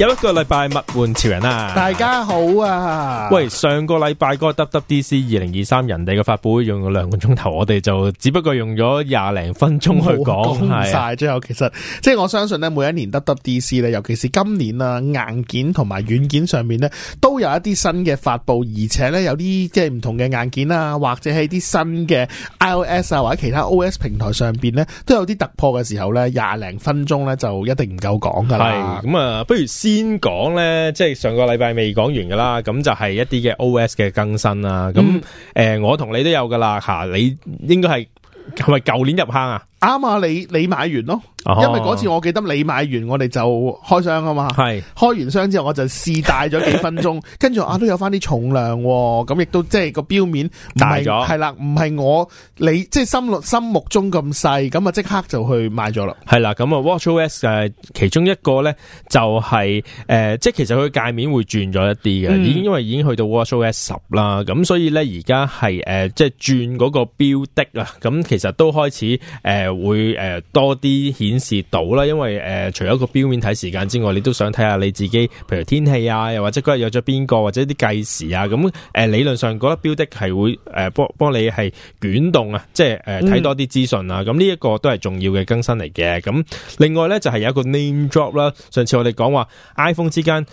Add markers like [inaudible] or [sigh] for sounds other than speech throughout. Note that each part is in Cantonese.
有一個禮拜，物玩潮人啊！大家好啊！喂，上個禮拜嗰個 WWDC 二零二三，人哋嘅發布會用咗兩個鐘頭，我哋就只不過用咗廿零分鐘去講，係晒。最後其實即係我相信呢，每一年 WWDC 咧，尤其是今年啊，硬件、同埋軟件上面呢，都有一啲新嘅發布，而且呢，有啲即係唔同嘅硬件啊，或者係啲新嘅 iOS 啊，或者其他 OS 平台上邊呢，都有啲突破嘅時候呢，廿零分鐘呢，就一定唔夠講噶啦。咁、嗯、啊，不如先講咧，即係上個禮拜未講完噶啦，咁就係一啲嘅 OS 嘅更新啦。咁誒、嗯呃、我同你都有噶啦吓，你應該係係咪舊年入坑啊？啱啊！你你買完咯，因為嗰次我記得你買完，我哋就開箱啊嘛。係、uh -huh. 開完箱之後，我就試戴咗幾分鐘，跟 [laughs] 住啊都有翻啲重量，咁亦都即係個標面大咗。係啦，唔係我你即係心目心目中咁細，咁啊即刻就去買咗啦。係啦，咁啊 WatchOS 就其中一個咧、就是，就係誒，即係其實佢界面會轉咗一啲嘅，已、嗯、經因為已經去到 WatchOS 十啦，咁所以咧而家係誒即係轉嗰個標的啊，咁其實都開始誒。呃會誒、呃、多啲顯示到啦，因為誒、呃、除咗個錶面睇時間之外，你都想睇下你自己，譬如天氣啊，又或者嗰日約咗邊個，或者啲計時啊，咁誒、呃、理論上嗰粒標的係會誒幫幫你係捲動啊，即係誒睇多啲資訊啊，咁呢一個都係重要嘅更新嚟嘅。咁另外呢，就係、是、有一個 name drop 啦，上次我哋講話 iPhone 之間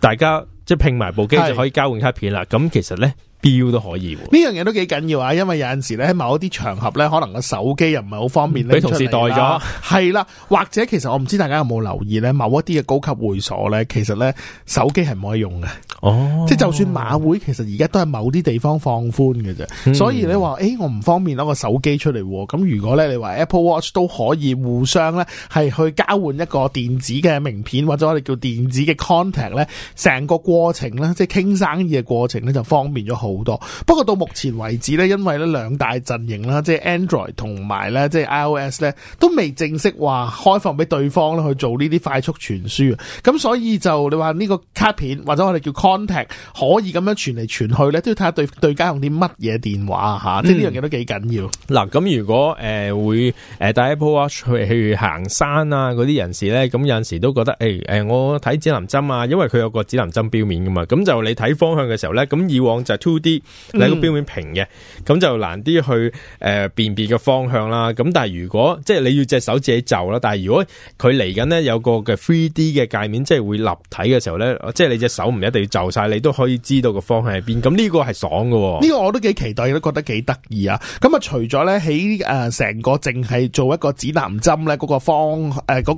大家即係拼埋部機就可以交換卡片啦，咁其實呢。表都可以，呢樣嘢都幾緊要啊！因為有陣時咧喺某一啲場合咧，可能個手機又唔係好方便，俾同事代咗。係啦，或者其實我唔知大家有冇留意咧，某一啲嘅高級會所咧，其實咧手機係唔可以用嘅。哦，即係就算馬會，其實而家都係某啲地方放寬嘅啫。所以你話誒、欸，我唔方便攞個手機出嚟，咁如果咧你話 Apple Watch 都可以互相咧係去交換一個電子嘅名片，或者我哋叫電子嘅 contact 咧，成個過程咧即係傾生意嘅過程咧就方便咗好好多，不過到目前為止咧，因為咧兩大陣營啦，即係 Android 同埋咧，即係 iOS 咧，都未正式話開放俾對方咧去做呢啲快速傳輸啊，咁所以就你話呢個卡片或者我哋叫 contact 可以咁樣傳嚟傳去咧，都要睇下對對家用啲乜嘢電話，嗯、即係呢樣嘢都幾緊要。嗱，咁如果誒、呃、會誒戴 Apple Watch 去行山啊嗰啲人士咧，咁有陣時都覺得誒、欸、我睇指南針啊，因為佢有個指南針錶面噶嘛，咁就你睇方向嘅時候咧，咁以往就啲你個錶面平嘅，咁就難啲去誒辨別嘅方向啦。咁但係如果即係你要隻手自己就啦，但係如果佢嚟緊咧有個嘅 three D 嘅界面，即係會立體嘅時候咧，即係你隻手唔一定要就晒，你都可以知道個方向喺邊。咁呢個係爽噶，呢個我都幾期待，都覺得幾得意啊。咁啊，除咗咧喺誒成個淨係做一個指南針咧，呃嗰個方誒個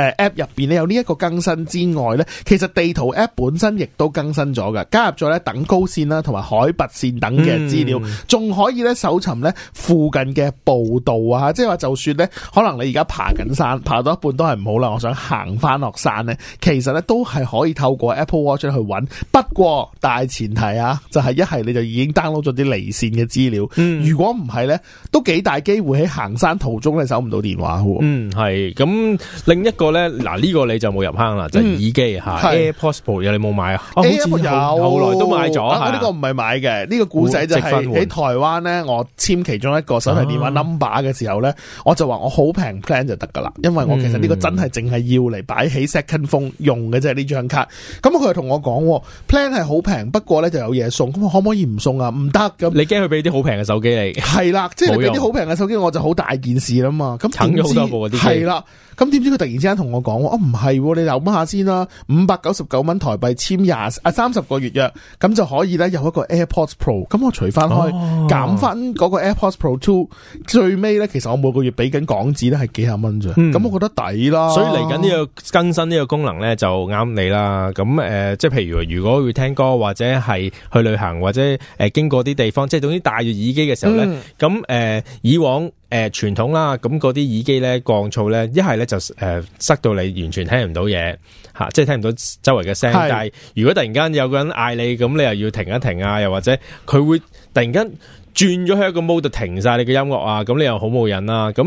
誒 App 入邊咧有呢一個更新之外咧，其實地圖 App 本身亦都更新咗嘅加入咗咧等高線啦，同埋海拔線等嘅資料，仲可以咧搜尋咧附近嘅報道啊！即係話就算，是，咧，可能你而家爬緊山，爬到一半都係唔好啦。我想行翻落山咧，其實咧都係可以透過 Apple Watch 去搵。不過，大前提啊，就係一係你就已經 download 咗啲離線嘅資料。如果唔係咧，都幾大機會喺行山途中咧搜唔到電話嘅。嗯，係。咁另一個咧，嗱，這，呢個你就冇入坑啦，就係，耳機吓，嗯、AirPods Pro 你有你冇買啊？有，Apple，有，後來都買咗。呢，啊、個唔係買。嘅、這、呢個故仔就係喺台灣咧，我簽其中一個手提電話 number 嘅時候咧，啊、我就話我好平 plan 就得噶啦，因為我其實呢個真係淨係要嚟擺起 second phone 用嘅啫，呢張卡。咁佢又同我講 plan 係好平，不過咧就有嘢送，咁可唔可以唔送啊？唔得咁，你驚佢俾啲好平嘅手機你係啦，即係俾啲好平嘅手機我就好大件事啦嘛，咁省咗好多部嗰啲係啦，咁點知佢突然之間同我講哦，唔、啊、係、啊、你留下先啦，五百九十九蚊台幣簽廿啊三十個月約，咁就可以咧有一個。AirPods Pro，咁我除翻開減翻嗰個 AirPods Pro Two，、哦、最尾咧其實我每個月俾緊港紙咧係幾十蚊啫，咁、嗯、我覺得抵啦。所以嚟緊呢個更新呢、這個功能咧就啱你啦。咁誒、呃，即係譬如如果要聽歌或者係去旅行或者誒、呃、經過啲地方，即係總之戴住耳機嘅時候咧，咁、嗯、誒、呃、以往。誒、呃、傳統啦，咁嗰啲耳機咧，降噪咧，一係咧就誒、呃、塞到你完全聽唔到嘢，啊，即係聽唔到周圍嘅聲。但係如果突然間有個人嗌你，咁你又要停一停啊，又或者佢會突然間。轉咗去一個 mode 就停晒你嘅音樂啊，咁你又好冇癮啦。咁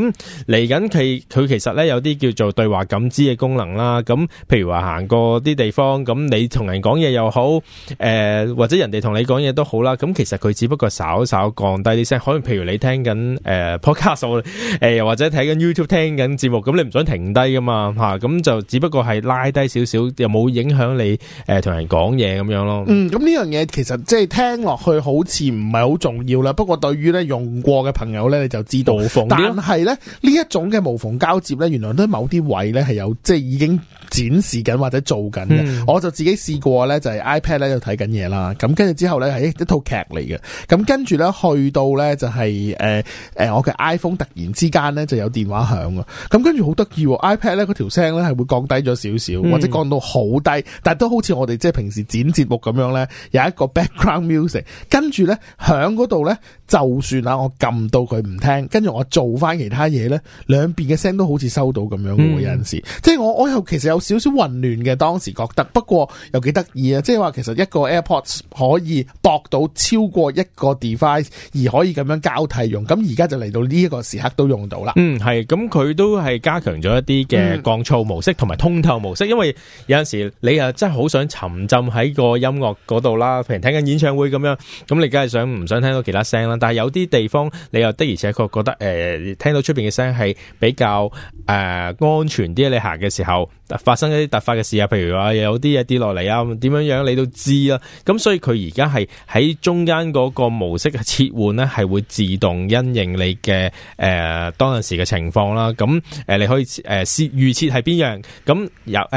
嚟緊佢佢其實咧有啲叫做對話感知嘅功能啦。咁譬如話行過啲地方，咁你同人講嘢又好，誒或者人哋同你講嘢都好啦。咁其實佢只不過稍稍降低啲聲，可能譬如你聽緊誒 podcast，誒又或者睇緊 YouTube 聽緊節目，咁你唔想停低噶嘛吓，咁就只不過係拉低少少，又冇影響你誒同人講嘢咁樣咯。嗯，咁呢樣嘢其實即係聽落去好似唔係好重要啦。不過對於咧用過嘅朋友咧，你就知道無縫。但係咧呢一種嘅無縫交接咧，原來都某啲位咧係有即係已經，展示緊或者做緊，嗯、我就自己試過呢，就係、是、iPad 咧度睇緊嘢啦。咁跟住之後呢，係一套劇嚟嘅。咁跟住呢，去到呢、就是，就係誒我嘅 iPhone 突然之間呢就有電話響啊。咁跟住好得意，iPad 呢嗰條聲呢係會降低咗少少，或者降到好低，但係都好似我哋即係平時剪節目咁樣呢，有一個 background music，跟住呢，響嗰度呢。就算啊，我撳到佢唔聽，跟住我做翻其他嘢咧，兩邊嘅聲都好似收到咁樣喎。嗯、有陣時，即係我我又其實有少少混亂嘅當時覺得，不過又幾得意啊！即係話其實一個 AirPods 可以駁到超過一個 device 而可以咁樣交替用。咁而家就嚟到呢一個時刻都用到啦。嗯，係。咁佢都係加強咗一啲嘅降噪模式同埋通透模式，因為有陣時你啊真係好想沉浸喺個音樂嗰度啦，譬如聽緊演唱會咁樣，咁你梗係想唔想聽到其他聲啦？但係有啲地方，你又的而且確覺得誒、呃、聽到出邊嘅聲係比較誒、呃、安全啲，你行嘅時候。發生一啲突發嘅事啊，譬如話有啲嘢跌落嚟啊，點樣樣你都知啦。咁所以佢而家係喺中間嗰個模式嘅切換咧，係會自動因應你嘅誒、呃、當陣時嘅情況啦。咁誒你可以誒預設係邊樣，咁有誒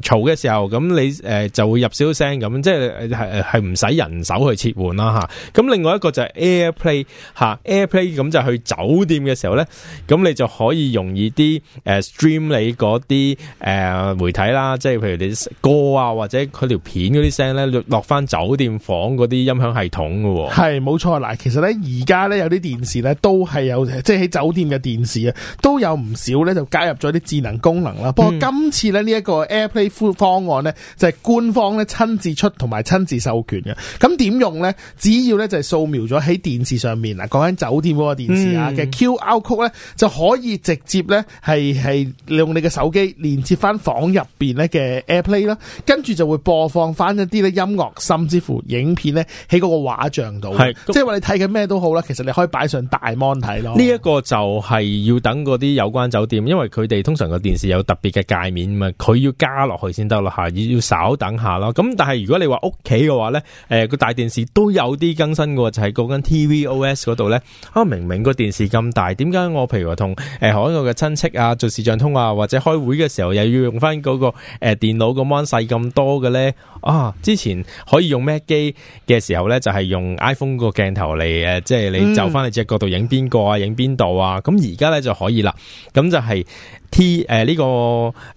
嘈嘅時候，咁你誒、呃、就會入少少聲咁，即係係係唔使人手去切換啦吓。咁另外一個就係 AirPlay 吓、啊、AirPlay，咁就去酒店嘅時候咧，咁你就可以容易啲誒 stream 你嗰啲誒。呃啊，媒體啦，即係譬如你歌啊，或者佢條片啲聲咧，落翻酒店房啲音響系統嘅係冇錯嗱，其實咧而家咧有啲電視咧都係有，即係喺酒店嘅電視啊，都有唔少咧就加入咗啲智能功能啦。嗯、不過今次咧呢一、個 AirPlay 方案咧就係、是、官方咧親自出同埋親自授權嘅。咁點用咧？只要咧就係、是、掃描咗喺電視上面嗱，講緊酒店個電視啊嘅 QR Code 咧就可以直接咧係係用你嘅手機連接翻。間房入邊咧嘅 AirPlay 啦，跟住就會播放翻一啲咧音樂，甚至乎影片咧喺嗰個畫像度，即係話你睇緊咩都好啦。其實你可以擺上大 mon 睇咯。呢一個就係要等嗰啲有關酒店，因為佢哋通常個電視有特別嘅界面嘛，佢要加落去先得咯吓，要稍等下咯。咁但係如果你話屋企嘅話咧，誒個大電視都有啲更新過，就係嗰間 TVOS 嗰度咧。啊，明明個電視咁大，點解我譬如同誒海外嘅親戚啊做視像通話或者開會嘅時候又要？用翻嗰個誒電腦個 mon 細咁多嘅咧啊！之前可以用咩機嘅時候咧、嗯，就係用 iPhone 個鏡頭嚟誒，即係你就翻你隻角度影邊個啊，影邊度啊，咁而家咧就可以啦。咁就係 T 誒、啊、呢、這個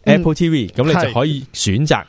Apple TV，咁、嗯、你就可以選擇。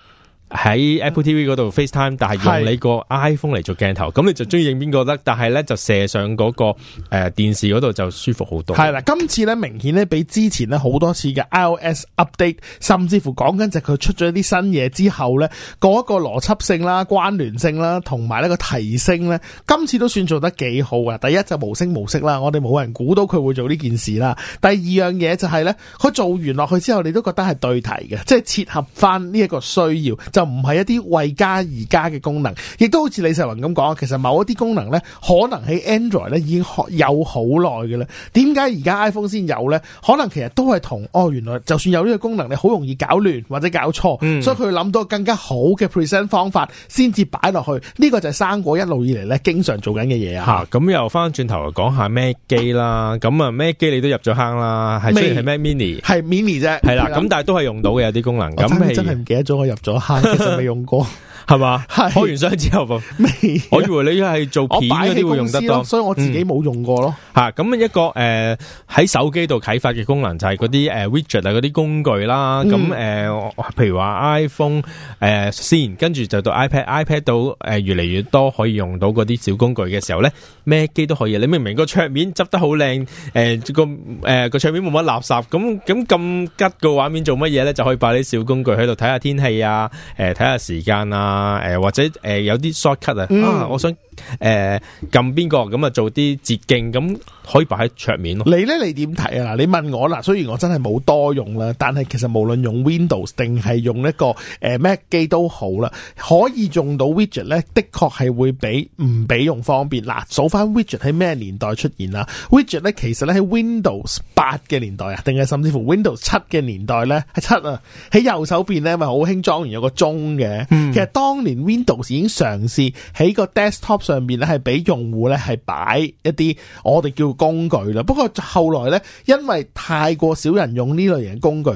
喺 Apple TV 嗰度 FaceTime，但係用你個 iPhone 嚟做鏡頭，咁你就中意影邊個得？但係咧就射上嗰、那個誒、呃、電視嗰度就舒服好多。係啦，今次咧明顯咧比之前咧好多次嘅 iOS update，甚至乎講緊就佢出咗啲新嘢之後咧，嗰、那、一個邏輯性啦、關聯性啦，同埋呢個提升咧，今次都算做得幾好啊，第一就無聲無息啦，我哋冇人估到佢會做呢件事啦。第二樣嘢就係咧，佢做完落去之後，你都覺得係對題嘅，即、就、係、是、切合翻呢一個需要就。唔係一啲為加而加嘅功能，亦都好似李世宏咁講，其實某一啲功能咧，可能喺 Android 咧已經有好耐嘅啦。點解而家 iPhone 先有咧？可能其實都係同哦，原來就算有呢個功能，你好容易搞亂或者搞錯，嗯，所以佢諗到更加好嘅 present 方法，先至擺落去。呢、這個就係生果一路以嚟咧，經常做緊嘅嘢啊。吓、啊、咁又翻轉頭講下 Mac 機啦，咁啊 Mac 機你都入咗坑啦，係雖然係 Mac Mini，係 Mini 啫，係啦，咁 [laughs] 但係都係用到嘅有啲功能。我真係真係唔記得咗我入咗坑。 [laughs] 一直未用過。係咪？開完箱之後，未？我以為你係做片嗰啲會用得多，所以我自己冇用過咯。吓、嗯、咁一個誒喺、呃、手機度啟發嘅功能就係嗰啲誒 Widget 啊嗰啲工具啦。咁、嗯、誒、呃，譬如話 iPhone 誒、呃、先，跟住就到 iPad，iPad iPad 到誒、呃、越嚟越多可以用到嗰啲小工具嘅時候咧，咩機都可以。你明唔明個桌面執得好靚？誒、呃、個誒、呃、個桌面冇乜垃圾。咁咁咁吉個畫面做乜嘢咧？就可以擺啲小工具喺度睇下天氣啊，誒睇下時間啊。啊、呃！誒或者誒、呃、有啲 shortcut 啊、嗯！啊，我想。誒、呃，撳邊個咁啊，做啲捷徑咁，可以擺喺桌面咯。你咧，你點睇啊？嗱，你問我啦，雖然我真係冇多用啦，但係其實無論用 Windows 定係用一個誒、呃、Mac 機都好啦，可以用到 widget 咧，的確係會比唔俾用方便。嗱，數翻 widget 喺咩年代出現啦？widget 咧，其實咧喺 Windows 八嘅年代啊，定係甚至乎 Windows 七嘅年代咧？係七啊，喺右手邊咧，咪好興裝完有個鐘嘅、嗯。其實當年 Windows 已經嘗試喺個 desktop。上面咧係俾用戶咧係擺一啲我哋叫工具啦，不過後來咧因為太過少人用呢類型嘅工具。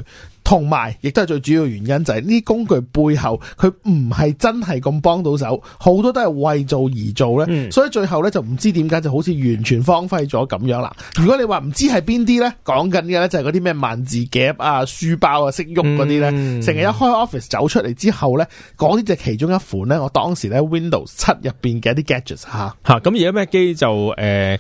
同埋，亦都係最主要原因就係、係、呢工具背後佢唔係真係咁幫到手，好多都係為做而做呢、嗯、所以最後呢，就唔知點解就好似完全荒廢咗咁樣啦。如果你話唔知係邊啲呢，講緊嘅呢，就係嗰啲咩萬字夾啊、書包啊識喐嗰啲呢。成日、嗯、一開 office 走出嚟之後呢，講啲就其中一款呢。我當時呢 Windows 七入面嘅一啲 gadgets 下咁而家咩機就誒。呃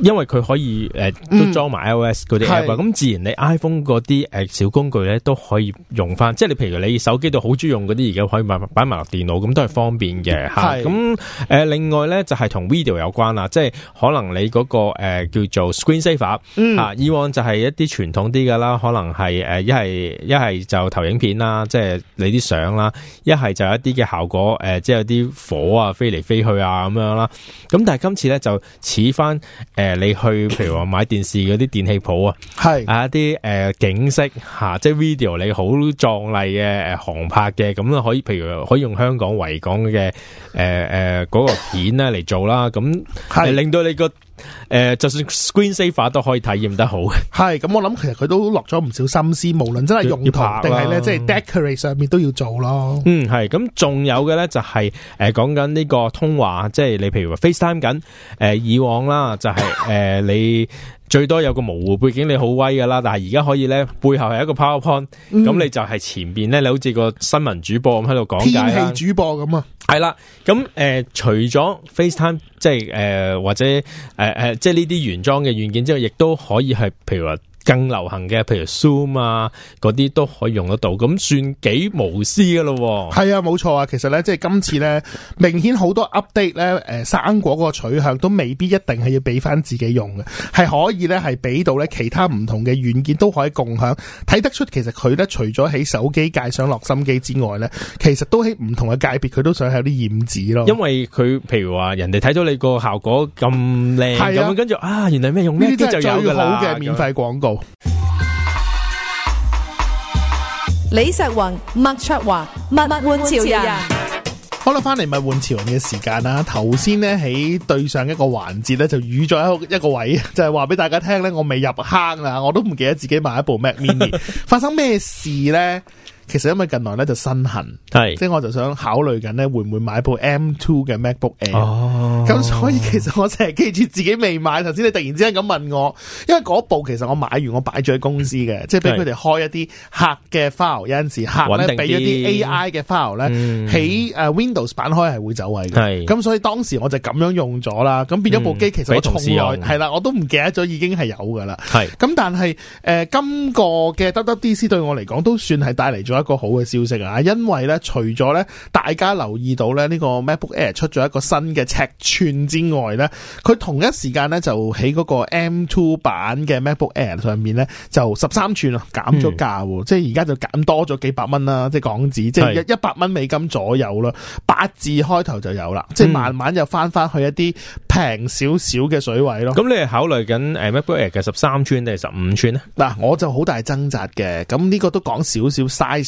因為佢可以誒、呃、都裝埋 iOS 嗰啲 app，咁、嗯、自然你 iPhone 嗰啲誒小工具咧都可以用翻，即係你譬如你手機度好中意用嗰啲，而家可以買擺埋落電腦，咁都係方便嘅咁誒，另外咧就係、是、同 video 有關啦，即係可能你嗰、那個誒、呃、叫做 screen saver 吓、嗯啊，以往就係一啲傳統啲噶啦，可能係誒一係一係就投影片啦，即係你啲相啦，一係就有一啲嘅效果誒、呃，即係有啲火啊飛嚟飛去啊咁樣啦。咁、啊、但係今次咧就似翻。誒、呃，你去譬如話買電視嗰啲電器鋪啊，係啊一啲誒、呃、景色、啊、即係 video 你好壯麗嘅、呃、航拍嘅，咁咧可以譬如可以用香港維港嘅誒嗰個片咧嚟做啦，咁係、呃、令到你個。誒、呃，就算 screen saver 都可以體驗得好嘅，係咁我諗，其實佢都落咗唔少心思，無論真係用途定係咧，即、就、係、是、decorate 上面都要做咯。嗯，係咁，仲有嘅咧就係、是、誒，講緊呢個通話，即係你譬如話 FaceTime 緊，誒、呃，以往啦，就係、是、誒、呃、你。 [laughs] 最多有個模糊背景你好威㗎啦，但係而家可以咧，背後係一個 PowerPoint，咁、嗯、你就係前邊咧，你好似個新聞主播咁喺度講解主播啊。天氣主播咁啊，係啦，咁、呃、誒，除咗 FaceTime 即係誒、呃、或者誒誒、呃，即係呢啲原裝嘅軟件之外，亦都可以係譬如話。更流行嘅，譬如 Zoom 啊，嗰啲都可以用得到，咁算幾無私嘅咯、哦？係啊，冇錯啊，其實咧，即係今次咧，明顯好多 update 咧，誒，生果個取向都未必一定係要俾翻自己用嘅，係可以咧，係俾到咧，其他唔同嘅軟件都可以共享，睇得出其實佢咧，除咗喺手機界上落心機之外咧，其實都喺唔同嘅界別，佢都想有啲染指咯。因為佢譬如話人哋睇到你個效果咁靚，咁跟住啊，原嚟咩用呢啲就有嘅免費廣告。李石云、麥卓華、物物玩潮人，好啦，翻嚟物玩潮人嘅時間啦。頭先咧喺對上一個環節咧就預咗一個位，就係話俾大家聽咧，我未入坑啦，我都唔記得自己買一部 Mac Mini，發生咩事咧？其實因為近來咧就身痕，係，即係我就想考慮緊咧會唔會買部 M2 嘅 MacBook Air，哦，咁所以其實我淨係記住自己未買，頭先你突然之間咁問我，因為嗰部其實我買完我擺咗喺公司嘅，即係俾佢哋開一啲客嘅 file，有陣時客咧俾一啲 AI 嘅 file 咧喺誒 Windows 版開係會走位嘅，係，咁所以當時我就咁樣用咗啦，咁變咗部機其實我從來係啦、嗯，我都唔記得咗已經係有噶啦，係，咁但係誒、呃、今個嘅 WWDC 對我嚟講都算係帶嚟咗。一個好嘅消息啊！因為咧，除咗咧，大家留意到咧，呢個 MacBook Air 出咗一個新嘅尺寸之外咧，佢同一時間咧就喺嗰個 M2 版嘅 MacBook Air 上面咧，就十三寸啊，減咗價，即係而家就減多咗幾百蚊啦，即係港紙，即係一一百蚊美金左右啦，八字開頭就有啦、嗯，即係慢慢就翻翻去一啲平少少嘅水位咯。咁、嗯、你係考慮緊誒 MacBook Air 嘅十三寸定係十五寸咧？嗱，我就好大掙扎嘅，咁呢個都講少少 size。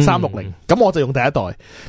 三六零咁我就用第一代，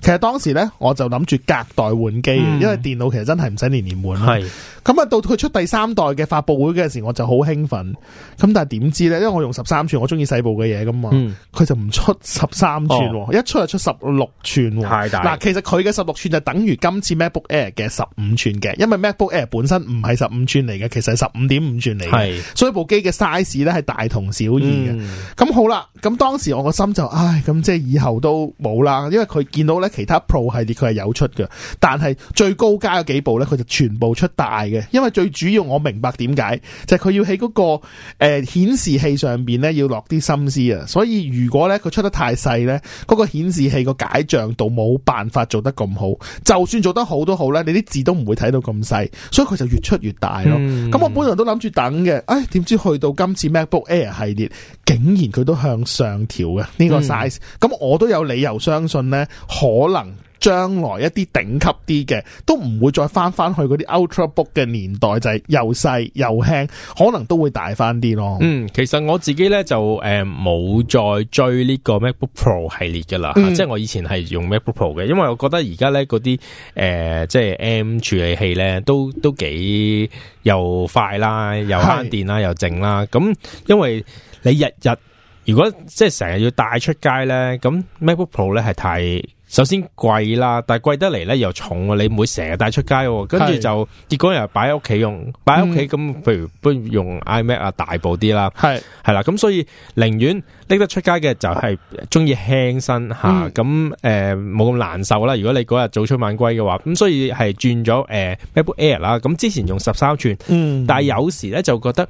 其實當時呢，我就諗住隔代換機、嗯、因為電腦其實真係唔使年年換係咁啊，到佢出第三代嘅發布會嗰陣時候，我就好興奮。咁但係點知呢？因為我用十三寸，我中意細部嘅嘢噶嘛，佢、嗯、就唔出十三寸，一出就出十六寸喎。嗱，其實佢嘅十六寸就等於今次 MacBook Air 嘅十五寸嘅，因為 MacBook Air 本身唔係十五寸嚟嘅，其實係十五點五寸嚟嘅，所以部機嘅 size 呢係大同小異嘅。咁、嗯、好啦，咁當時我個心就唉，咁即係後都冇啦，因為佢見到咧其他 Pro 系列佢係有出嘅，但係最高階嗰幾部咧，佢就全部出大嘅。因為最主要我明白點解，就係、是、佢要喺嗰，那個誒顯、呃、示器上邊咧要落啲心思啊。所以如果咧佢出得太細咧，嗰、那個顯示器個解像度冇辦法做得咁好，就算做得好都好咧，你啲字都唔會睇到咁細，所以佢就越出越大咯。咁、嗯、我本人都諗住等嘅，誒、哎，點知去到今次 MacBook Air 系列。竟然佢都向上調嘅呢個 size，咁我都有理由相信咧，可能。將來一啲頂級啲嘅都唔會再翻翻去嗰啲 Ultra Book 嘅年代，就係、是、又細又輕，可能都會大翻啲咯。嗯，其實我自己咧就誒冇、呃、再追呢個 MacBook Pro 系列㗎啦、嗯啊，即係我以前係用 MacBook Pro 嘅，因為我覺得而家咧嗰啲誒即係 M 處理器咧都都幾又快啦，又慳電啦，又靜啦。咁、嗯、因為你日日如果即係成日要帶出街咧，咁 MacBook Pro 咧係太～首先貴啦，但係貴得嚟咧又重，你唔會成日帶出街，跟住就結果又擺喺屋企用，擺喺屋企咁，譬如不如用 iMac、嗯、啊，大部啲啦，係係啦，咁所以寧願拎得出街嘅就係中意輕身吓，咁誒冇咁難受啦。如果你嗰日早出晚歸嘅話，咁所以係轉咗誒 MacBook Air 啦、啊。咁之前用十三寸，嗯、但係有時咧就覺得誒、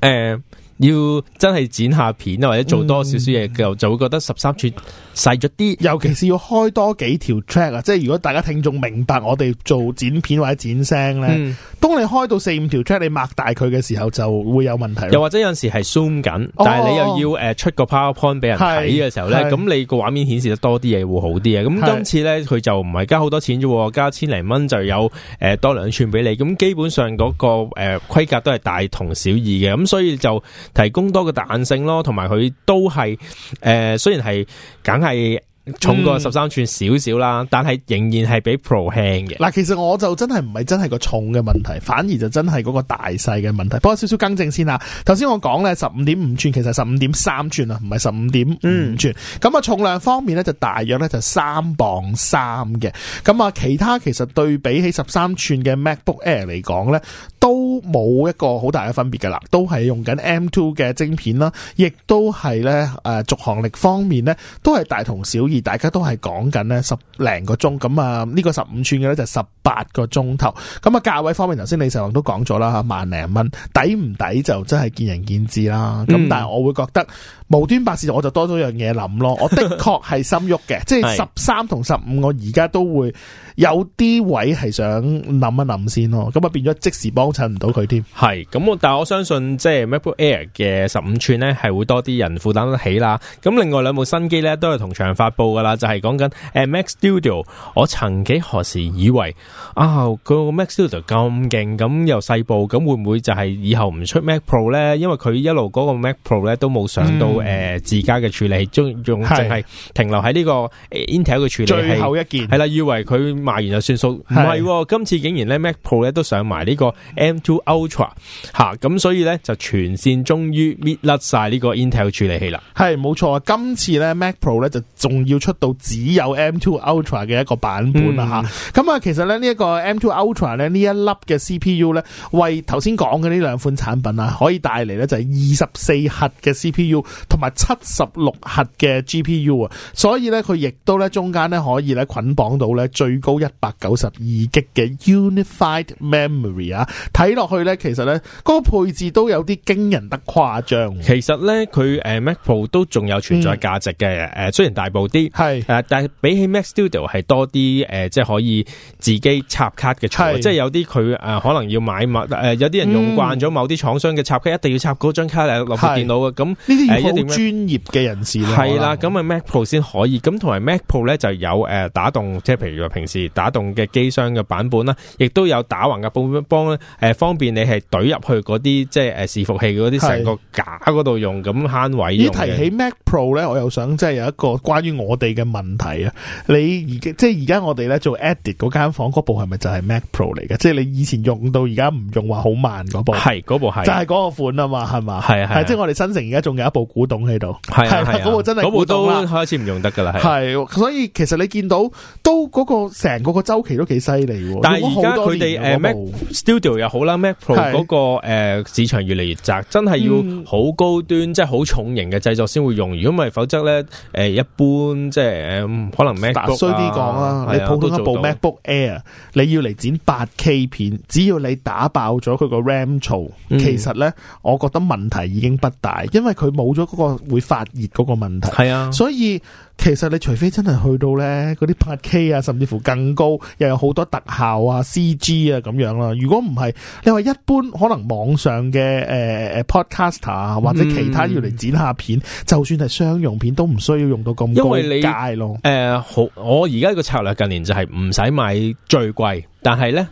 呃、要真係剪下片啊，或者做多少少嘢，就就會覺得十三寸。細咗啲，尤其是要開多幾條 track 啊，即係如果大家聽眾明白我哋做剪片或者剪聲咧、嗯，當你開到四五條 track，你擘大佢嘅時候就會有問題、啊。又或者有陣時係 zoom 緊、哦，但係你又要誒出個 powerpoint 俾人睇嘅時候咧，咁你個畫面顯示得多啲嘢會好啲啊，咁今次咧佢就唔係加好多錢啫，加千零蚊就有誒多兩寸俾你。咁基本上個誒規格都係大同小異嘅，咁所以就提供多個彈性咯，同埋佢都係誒、呃、雖然係梗係、嗯、重過十三寸少少啦，但係仍然係比 Pro 輕嘅。嗱，其實我就真係唔係真係個重嘅問題，反而就真係嗰個大細嘅問題。補少少更正先啦。頭先我講咧十五點五寸，其實十五點三寸啦，唔係十五點五寸。咁、嗯、啊，重量方面咧就大約咧就三磅三嘅。咁啊，其他其實對比起十三寸嘅 MacBook Air 嚟講咧都。都冇一個好大嘅分別噶啦，都係用緊 M2 嘅晶片啦，亦都係咧誒，續航力方面咧都係大同小異，大家都係講緊咧十零個鐘咁啊，呢個十五寸嘅咧就十八個鐘頭，咁啊價位方面頭先李世宏都講咗啦吓，萬零蚊抵唔抵就真係見仁見智啦，咁、嗯、但係我會覺得。無端白事，我就多咗樣嘢諗咯，我的確係心喐嘅， [laughs] 即係十三同十五我而家都會有啲位係想諗一諗先咯，咁啊變咗即時幫襯唔到佢添。係，咁我但係我相信即係 MacBook Air 嘅十五寸咧係會多啲人負擔得起啦。咁另外兩部新機咧都係同場發布噶啦，就係講緊誒 Mac Studio。我曾幾何時以為啊、哦嗰個 Mac Studio 咁勁，咁又細部，咁會唔會就係以後唔出 Mac Pro 咧？因為佢一路嗰個 Mac Pro 咧都冇上到。嗯誒，自家嘅處理，仲仲淨係停留喺呢個 Intel 嘅處理器，最後一件係啦，以為佢賣完就算數，唔係，今次竟然咧 Mac Pro 咧都上埋呢個 M2 Ultra 吓，咁所以咧就全線終於搣甩晒呢個 Intel 處理器啦。係，冇錯，今次咧 Mac Pro 咧就仲要出到只有 M2 Ultra 嘅一個版本啦吓。咁、嗯、啊，其實咧呢一個 M2 Ultra 咧呢一粒嘅 CPU 咧，為頭先講嘅呢兩款產品啊，可以帶嚟咧就係二十四核嘅 CPU。同埋七十六核嘅 GPU 啊，所以咧佢亦都咧中間咧可以咧捆綁到咧最高一百九十二 G 嘅 Unified Memory 啊，睇落去咧其實咧嗰個配置都有啲驚人得誇張。其實咧佢誒 Mac Pro 都仲有存在價值嘅，誒、嗯、雖然大部啲係誒，但係比起 Mac Studio 係多啲誒，即係可以自己插卡嘅，是即係有啲佢誒可能要買物誒、呃，有啲人用慣咗某啲廠商嘅插卡，一定要插嗰張卡嚟落電腦啊，咁呢啲。專業嘅人士啦，係啦，咁啊 Mac Pro 先可以，咁同埋 Mac Pro 咧就有誒打洞即係譬如話平時打洞嘅機箱嘅版本啦，亦都有打橫嘅幫誒方便你係懟入去嗰啲即係誒伺服器嗰啲成個架嗰度用，咁慳位。你提起 Mac Pro 咧，我又想即係有一個關於我哋嘅問題啊！你而即係而家我哋咧做 Edit 嗰間房嗰部係咪就係 Mac Pro 嚟嘅？即係你以前用到而家唔用話好慢嗰部，係嗰部係，就係、是、嗰個款啊嘛，係嘛，係係，即係我哋新城而家仲有一部古。懂喺度，係啊，嗰部、啊啊那個、真係嗰部都開始唔用得噶啦，係、啊。係、啊，所以其實你見到都嗰、那個成個個周期都幾犀利。但係而家佢哋誒 Mac Studio 又好啦，Mac Pro 嗰、那個誒、啊呃、市場越嚟越窄，啊、真係要好高端，嗯、即係好重型嘅製作先會用。如果唔係，否則咧誒一般即係誒、嗯、可能 Macbook 衰啲講啦，你普通一部 MacBook Air 你要嚟剪八 K 片、嗯，只要你打爆咗佢個 RAM 槽，嗯、其實咧我覺得問題已經不大，因為佢冇咗個個會發熱嗰個問題，係啊，所以其實你除非真係去到呢嗰啲 8K 啊，8K，甚至乎更高，又有好多特效啊、CG 啊咁樣啦。如果唔係，你話一般可能網上嘅誒誒 Podcaster 啊或者其他要嚟剪下片，嗯、就算係商用片都唔需要用到咁高階咯。誒、呃，好，我而家個策略近年就係唔使買最貴，但係呢，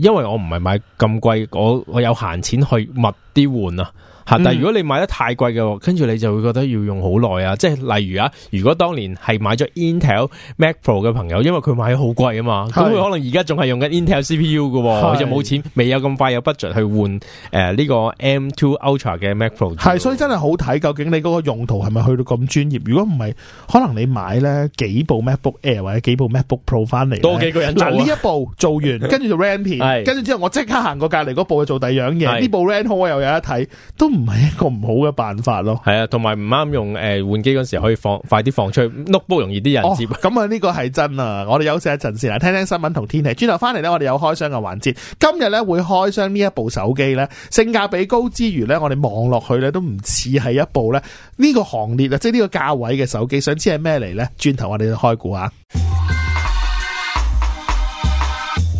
因為我唔係買咁貴，我我有閒錢去密啲換啊。但係如果你買得太貴嘅，跟、嗯、住你就會覺得要用好耐啊！即係例如啊，如果當年係買咗 Intel Mac Pro 嘅朋友，因為佢買好貴啊嘛，咁佢可能而家仲係用緊 Intel CPU 嘅，就冇錢，未有咁快有 budget 去換誒呢、呃呢個 M2 Ultra 嘅 Mac Pro。係，所以真係好睇究竟你嗰個用途係咪去到咁專業？如果唔係，可能你買咧幾部 MacBook Air 或者幾部 MacBook Pro 翻嚟，多幾個人做。做、啊。呢一部做完， [laughs] 跟住做 render 跟住之後我即刻行過隔離嗰部去做第二樣嘢。呢部 render 我又有一睇，都唔～唔係一個唔好嘅辦法咯，係啊，同埋唔啱用誒換機嗰時候可以放快啲放出去 notebook 容易啲人接，咁啊呢個係真啊！我哋休息一陣先啦，聽聽新聞同天氣，轉頭翻嚟咧，我哋有開箱嘅環節，今日咧會開箱呢一部手機咧，性價比高之餘咧，我哋望落去咧都唔似係一部咧呢個行列啊，即係呢個價位嘅手機，想知係咩嚟咧？轉頭我哋就開估下。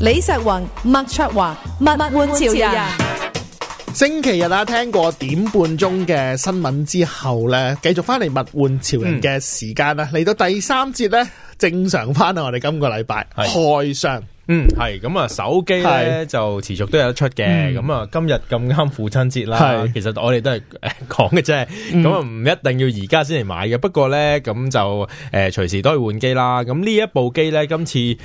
李石雲、麥卓華、麥麥換潮人。星期日啦，啊，聽過點半鐘嘅新聞之後咧，繼續翻嚟物玩潮人嘅時間啦，嚟、嗯、到第三節咧，正常翻啊！我哋今個禮拜開箱，嗯，係咁啊，手機咧就持續都有得出嘅，咁、嗯、啊今日咁啱父親節啦，其實我哋都係講嘅啫，咁啊唔一定要而家先嚟買嘅，不過咧咁就誒隨、呃、時都要換機啦。咁呢一部機咧，今次影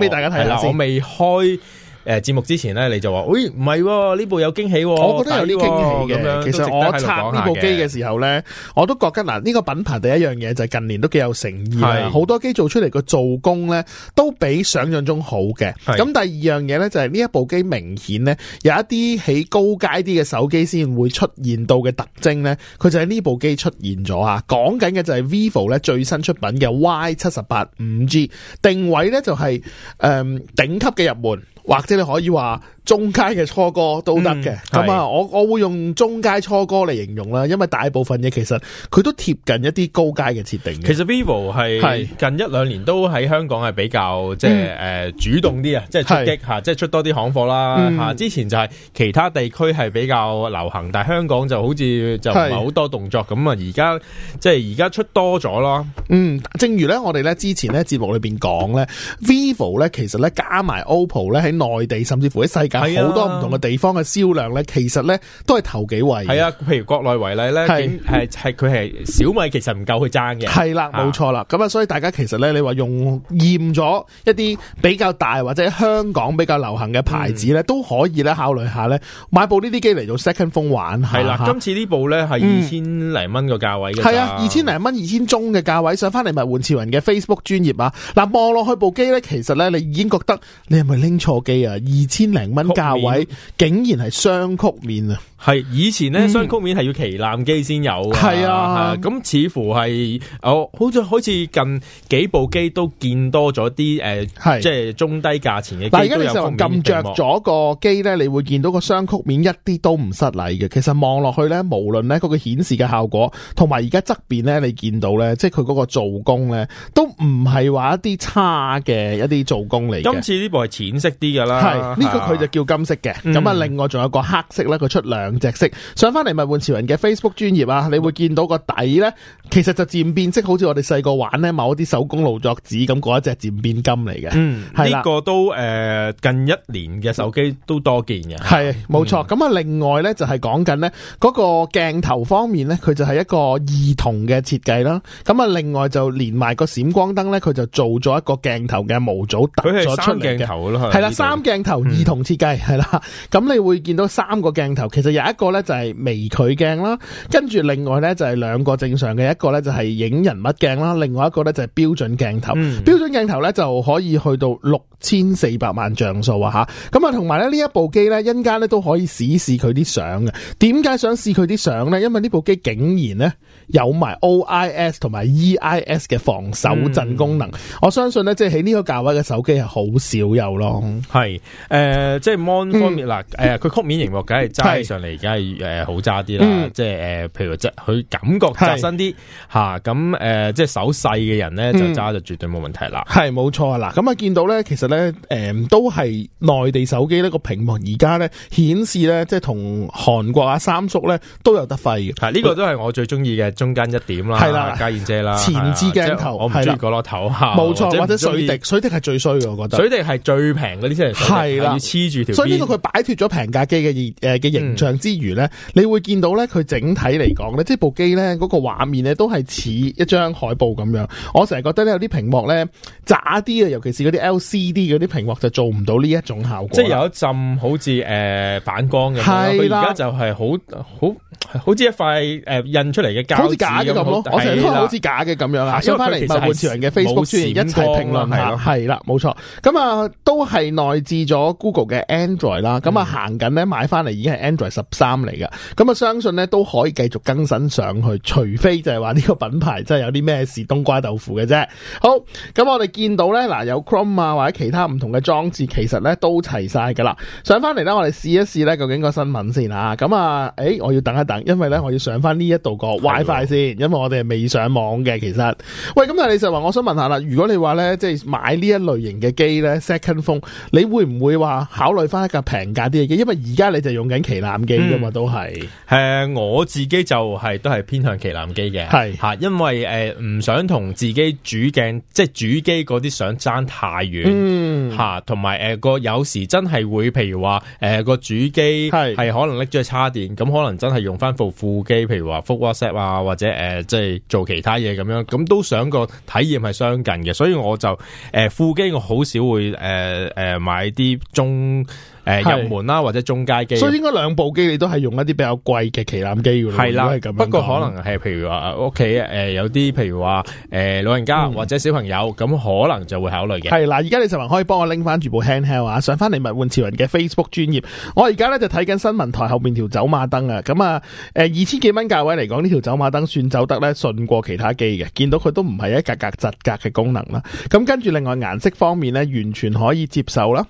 俾、嗯呃、大家睇啦，我未開。誒、呃，節目之前咧，你就話，喂、哎，唔係呢部有驚喜？哦，我覺得有呢驚喜嘅。其實我拆呢部機嘅時候咧，我都覺得嗱，呢個品牌第一樣嘢就係近年都幾有誠意，好多機做出嚟個造工咧都比想象中好嘅。咁第二樣嘢咧就係呢一部機明顯咧有一啲起高階啲嘅手機先會出現到嘅特徵咧，佢就喺呢部機出現咗啊！講緊嘅就係 VIVO 咧最新出品嘅 Y 78 5G 定位咧就係、是、誒、呃、頂級嘅入門。或者你可以話，中階嘅初歌都得嘅，咁、嗯、啊，我我會用中階初歌嚟形容啦，因為大部分嘢其實佢都貼近一啲高階嘅設定。其實 VIVO 係近一兩年都喺香港係比較即係誒主動啲啊，即係出擊吓，即係出多啲行貨啦吓、嗯啊、之前就係其他地區係比較流行，但係香港就好似就唔係好多動作咁啊。而家即係而家出多咗咯。嗯，正如咧，我哋咧之前咧節目裏邊講咧，VIVO 咧其實咧加埋 OPPO 咧喺內地甚至乎喺世界。係好、啊、多唔同嘅地方嘅銷量咧，其實咧都係頭幾位。係啊，譬如國內為例咧，係係係佢係小米，其實唔夠佢爭嘅。係、啊、啦，冇錯啦。咁啊，所以大家其實咧，你話用厭咗一啲比較大或者香港比較流行嘅牌子咧、嗯，都可以咧考慮下咧，買部呢啲機嚟做 second phone 玩。係啦、啊啊，今次部呢部咧係二千零蚊個價位嘅、嗯。係啊，二千零蚊、二千中嘅價位，上翻嚟咪換潮人嘅 Facebook 專頁啊！嗱、啊，望落去部機咧，其實咧你已經覺得你係咪拎錯機啊？二千零蚊。價位竟然係雙曲面啊！係以前咧，雙曲面係要旗艦機先有啊，係啊，咁似乎係哦，好似好似近幾部機都見多咗啲誒，即係中低價錢嘅機。但係而家你就撳著咗個機咧，你會見到個雙曲面一啲都唔失禮嘅。其實望落去咧，無論咧嗰個顯示嘅效果，同埋而家側邊咧，你見到咧，即係佢嗰個做工咧，都唔係話一啲差嘅一啲做工嚟。今次呢部係淺色啲噶啦，係呢個佢就叫金色嘅。咁、嗯、啊，另外仲有個黑色咧，佢出兩。隻色上返嚟物玩潮人嘅 Facebook 專頁啊，你會見到個底呢，其實就漸變色，好似我哋細個玩呢某一啲手工勞作紙咁，嗰一隻漸變金嚟嘅。嗯，係呢、這個都誒、呃、近一年嘅手機都多見嘅。係、嗯，冇錯。咁啊，嗯、另外呢就係講緊呢嗰個鏡頭方面呢，佢就係一個兒童嘅設計啦。咁啊，另外就連埋個閃光燈呢，佢就做咗一個鏡頭嘅模組突咗出嚟嘅。佢係三鏡頭咯，係啦，三鏡頭兒童設計係啦。咁、嗯、你會見到三個鏡頭，其實。有一個咧就係微距鏡啦，跟住另外咧就係兩個正常嘅，一個咧就係影人物鏡啦，另外一個咧就係標準鏡頭、嗯。標準鏡頭咧就可以去到六千四百萬像素啊吓，咁啊同埋咧呢一部機咧，而家咧都可以試試佢啲相嘅。點解想試佢啲相咧？因為呢部機竟然咧有埋 OIS 同埋 EIS 嘅防手震功能、嗯。我相信咧、呃，即係喺呢個價位嘅手機係好少有咯。係誒，即係 mon 方面嗱，誒、嗯、佢、呃、曲面屏幕梗係齋上嚟。而家係誒好揸啲啦，嗯、即係誒、呃，譬如即佢感覺揸身啲嚇，咁誒、啊呃、即係手細嘅人咧、嗯、就揸就絕對冇問題是啦。係冇錯啦，咁啊見到咧，其實咧誒、嗯、都係內地手機呢、那個屏幕而家咧顯示咧，即係同韓國啊三叔咧都有得揮嘅。係、啊、呢、這個都係我最中意嘅中間一點啦，係啦，家燕姐啦，前置鏡頭，啊、是我唔中意嗰角落頭嚇、啊，冇錯，或者水滴，水滴係最衰嘅，我覺得水滴係最平嗰啲先係，係啦，黐住條。所以呢個佢擺脫咗平價機嘅形誒嘅形象。嗯之餘咧，你會見到咧，佢整體嚟講咧，即係部機咧嗰個畫面咧都係似一張海報咁樣。我成日覺得咧有啲屏幕咧渣啲啊，尤其是嗰啲 LCD 嗰啲屏幕就做唔到呢一種效果，即係有一浸好似誒、呃、反光嘅。係啦，佢而家就係好好好似一塊誒印出嚟嘅膠紙，好似假嘅咁咯。我成日都好似假嘅咁樣啊，收翻。嚟就步超人嘅 Facebook 出一齊評論，係係啦，冇錯。咁啊，都係內置咗 Google 嘅 Android 啦。咁啊，行緊咧買翻嚟已經係 Android 三嚟嘅，咁啊，相信咧都可以繼續更新上去，除非就係話呢個品牌真係有啲咩事，冬瓜豆腐嘅啫。好，咁我哋見到呢，嗱，有 Chrome 啊或者其他唔同嘅裝置，其實呢都齊晒噶啦。上翻嚟呢，我哋試一試呢，究竟個新聞先吓。咁啊，誒、哎，我要等一等，因為呢，我要上翻呢一度個 WiFi 先，因為我哋未上網嘅。其實，喂，咁但係你就話，我想問下啦，如果你話呢，即、就、係、是、買呢一類型嘅機呢 Second Phone，你會唔會話考慮翻一架平價啲嘅機？因為而家你就用緊旗艦嘅。咁、嗯、都係，誒、呃，我自己就係、是、都係偏向旗艦機嘅，係吓，因為誒唔、呃、想同自己主鏡即係主機嗰啲相差太遠，嗯吓，同埋誒個有時真係會，譬如話誒個主機係可能拎咗去叉電，咁可能真係用返部副機，譬如話覆 WhatsApp 啊，或者誒即係做其他嘢咁樣，咁都想個體驗係相近嘅，所以我就誒、呃、副機我好少會誒誒、呃呃、買啲中。誒，入門啦或者中階機，所以應該兩部機你都係用一啲比較貴嘅旗艦機噶咯，係啦，不過可能係譬如話屋企誒有啲譬如話誒、呃、老人家或者小朋友咁，嗯、可能就會考慮嘅。係啦，而家你就可以幫我拎翻住部 handheld 啊，上翻嚟，物玩潮人嘅 Facebook 專頁。我而家咧就睇緊新聞台後面條走馬燈啊，咁啊，誒二千幾蚊價位嚟講呢條走馬燈算走得咧，順過其他機嘅。見到佢都唔係一格格窒格嘅功能啦，咁跟住另外顏色方面咧，完全可以接受啦。